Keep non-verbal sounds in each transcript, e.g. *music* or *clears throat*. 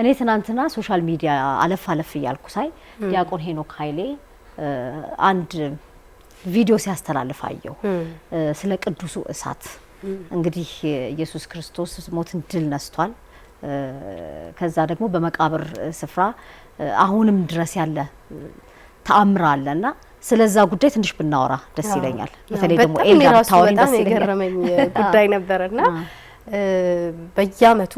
እኔ ትናንትና ሶሻል ሚዲያ አለፍ አለፍ እያልኩ ሳይ ዲያቆን ሄኖክ ኃይሌ አንድ ቪዲዮ ሲያስተላልፍ አየሁ ስለ ቅዱሱ እሳት። እንግዲህ ኢየሱስ ክርስቶስ ሞትን ድል ነስቷል። ከዛ ደግሞ በመቃብር ስፍራ አሁንም ድረስ ያለ ተአምር አለ እና ስለዛ ጉዳይ ትንሽ ብናወራ ደስ ይለኛል። በተለይ ደግሞ ኤልዳ ታወሪ ደስ ይለኛል። *laughs* ጉዳይ ነበረና በየአመቱ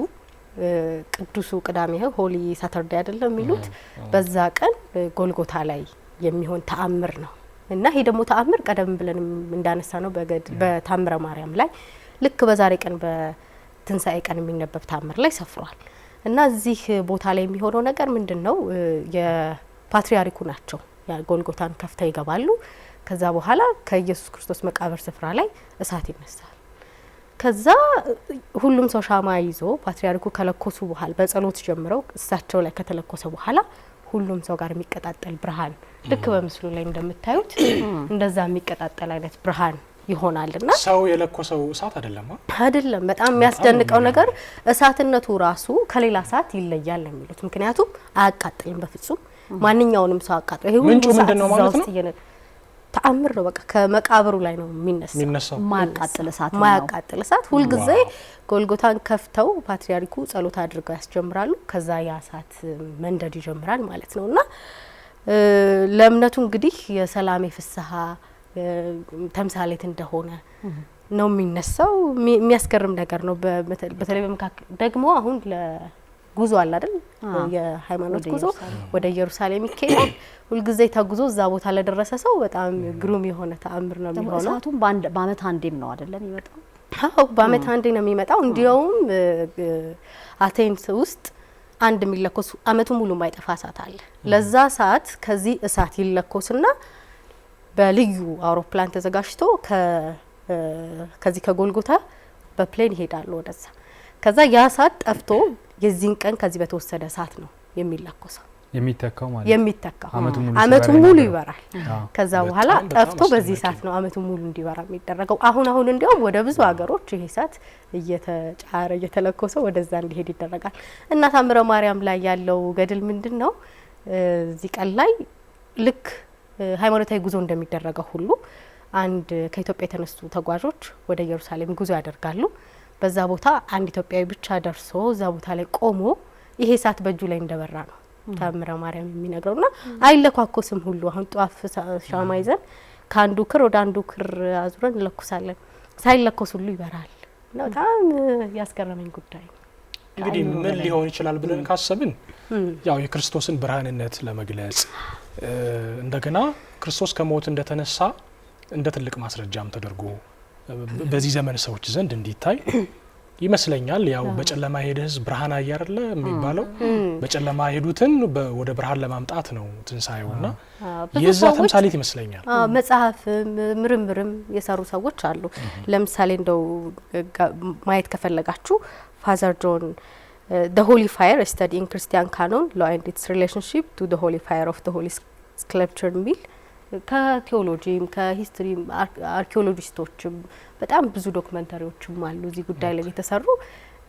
ቅዱሱ ቅዳሜ ሆሊ ሳተርዴ አይደለም የሚሉት በዛ ቀን ጎልጎታ ላይ የሚሆን ተአምር ነው እና ይሄ ደግሞ ተአምር ቀደም ብለን እንዳነሳ ነው በታምረ ማርያም ላይ ልክ በዛሬ ቀን በትንሳኤ ቀን የሚነበብ ተአምር ላይ ሰፍሯል እና እዚህ ቦታ ላይ የሚሆነው ነገር ምንድን ነው? የፓትርያርኩ ናቸው ጎልጎታን ከፍተው ይገባሉ። ከዛ በኋላ ከኢየሱስ ክርስቶስ መቃብር ስፍራ ላይ እሳት ይነሳል። ከዛ ሁሉም ሰው ሻማ ይዞ ፓትሪያርኩ ከለኮሱ በኋላ በጸሎት ጀምረው እሳቸው ላይ ከተለኮሰ በኋላ ሁሉም ሰው ጋር የሚቀጣጠል ብርሃን ልክ በምስሉ ላይ እንደምታዩት *clears throat* እንደዛ የሚቀጣጠል አይነት ብርሃን ይሆናል ና ሰው የለኮሰው እሳት አይደለም አይደለም። በጣም የሚያስደንቀው ነገር እሳትነቱ ራሱ ከሌላ እሳት ይለያል ነው የሚሉት። ምክንያቱም አያቃጥልም በፍጹም ማንኛውንም ሰው አቃጥሎ ይሄ ሁሉ ነው ማለት ነው ተአምር ነው። በቃ ከመቃብሩ ላይ ነው የሚነሳው። ማያቃጥል እሳት ማያቃጥል እሳት። ሁልጊዜ ጎልጎታን ከፍተው ፓትሪያርኩ ጸሎት አድርገው ያስጀምራሉ። ከዛ ያ እሳት መንደድ ይጀምራል ማለት ነው እና ለእምነቱ እንግዲህ የሰላም የፍስሀ ተምሳሌት እንደሆነ ነው የሚነሳው። የሚያስገርም ነገር ነው። በተለይ በመካከል ደግሞ አሁን ጉዞ አለ አይደል? የሃይማኖት ጉዞ ወደ ኢየሩሳሌም ይካሄዳል። ሁልጊዜ ተጉዞ እዛ ቦታ ለደረሰ ሰው በጣም ግሩም የሆነ ተአምር ነው የሚሆነው። ሰዓቱም በአመት አንዴም ነው አይደለም የሚመጣው? አዎ በአመት አንዴ ነው የሚመጣው። እንዲያውም አቴንስ ውስጥ አንድ የሚለኮስ አመቱ ሙሉ ማይጠፋ እሳት አለ። ለዛ ሰዓት ከዚህ እሳት ይለኮስና በልዩ አውሮፕላን ተዘጋጅቶ ከዚህ ከጎልጎታ በፕሌን ይሄዳሉ ወደዛ። ከዛ ያ እሳት ጠፍቶ የዚህን ቀን ከዚህ በተወሰደ እሳት ነው የሚለኮሰው የሚተካው ማለት የሚተካው አመቱ ሙሉ ይበራል። ከዛ በኋላ ጠፍቶ በዚህ ሰዓት ነው አመቱ ሙሉ እንዲበራ የሚደረገው። አሁን አሁን እንዲያውም ወደ ብዙ ሀገሮች ይሄ እሳት እየተጫረ እየተለኮሰ ወደዛ እንዲሄድ ይደረጋል እና ታምረ ማርያም ላይ ያለው ገድል ምንድን ነው? እዚህ ቀን ላይ ልክ ሃይማኖታዊ ጉዞ እንደሚደረገው ሁሉ አንድ ከኢትዮጵያ የተነሱ ተጓዦች ወደ ኢየሩሳሌም ጉዞ ያደርጋሉ። በዛ ቦታ አንድ ኢትዮጵያዊ ብቻ ደርሶ እዛ ቦታ ላይ ቆሞ ይሄ ሰዓት በእጁ ላይ እንደበራ ነው ታምረ ማርያም የሚነግረው ና አይለኳኮስም ሁሉ አሁን ጧፍ ሻማ ይዘን ከአንዱ ክር ወደ አንዱ ክር አዙረን እንለኩሳለን። ሳይለኮስ ሁሉ ይበራል እና በጣም ያስገረመኝ ጉዳይ ነው። እንግዲህ ምን ሊሆን ይችላል ብለን ካሰብን ያው የክርስቶስን ብርሃንነት ለመግለጽ እንደገና ክርስቶስ ከሞት እንደተነሳ እንደ ትልቅ ማስረጃም ተደርጎ በዚህ ዘመን ሰዎች ዘንድ እንዲታይ ይመስለኛል። ያው በጨለማ የሄደ ህዝብ ብርሃን አያርለ የሚባለው። በጨለማ የሄዱትን ወደ ብርሃን ለማምጣት ነው ትንሳኤው እና የዛ ተምሳሌት ይመስለኛል። መጽሐፍ ምርምርም የሰሩ ሰዎች አሉ። ለምሳሌ እንደው ማየት ከፈለጋችሁ ፋዘር ጆን ደ ሆሊ ፋየር ስተዲ in Christian canon law and its relationship to the holy fire of the holy sculpture mill ከቴዎሎጂም ከሂስትሪም አርኪኦሎጂስቶችም በጣም ብዙ ዶክመንተሪዎችም አሉ እዚህ ጉዳይ ላይ የተሰሩ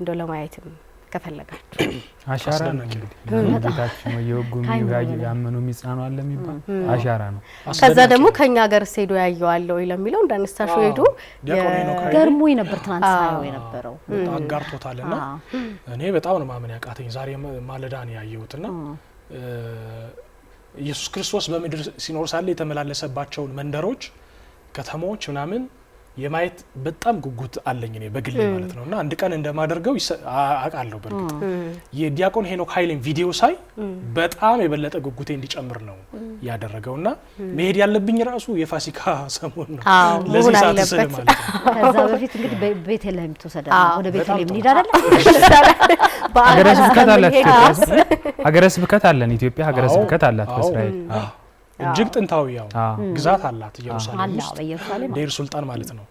እንደው ለማየትም ከፈለጋችሁ *clears throat* አሻራ ነው እንግዲህ እየወጉ የሚወያዩ ያመኑ የሚጻኑ አለ የሚባል አሻራ ነው። ከዛ ደግሞ ከኛ ሀገር ሄዶ ያየዋለ ወይ ለሚለው እንደ አነሳሹ ሄዶ ገርሞ ነበር። ትናንት ሳየው የነበረው አጋርቶታል። ና እኔ በጣም ነው ማመን ያቃተኝ ዛሬ ማለዳ ነው ያየሁትና ኢየሱስ ክርስቶስ በምድር ሲኖር ሳለ የተመላለሰባቸውን መንደሮች ከተሞች ምናምን የማየት በጣም ጉጉት አለኝ እኔ በግሌ ማለት ነው። እና አንድ ቀን እንደማደርገው አውቃለሁ። በእርግጥ የዲያቆን ሄኖክ ኃይሌን ቪዲዮ ሳይ በጣም የበለጠ ጉጉቴ እንዲጨምር ነው ያደረገው። እና መሄድ ያለብኝ ራሱ የፋሲካ *laughs* ሰሞን ነው ለዚህ ሰዓት ስል ማለት ነው። ከዛ በፊት እንግዲህ ቤተልሔም ትወስዳለህ። ወደ ቤተልሔም እንሂድ አይደለ? *laughs* *laughs* ሀገረ ስብከት አላት ሀገረ ስብከት አለን ኢትዮጵያ ሀገረ ስብከት አላት በእስራኤል እጅግ ጥንታዊ ያው ግዛት አላት ኢየሩሳሌም ውስጥ ዴር ሱልጣን ማለት ነው።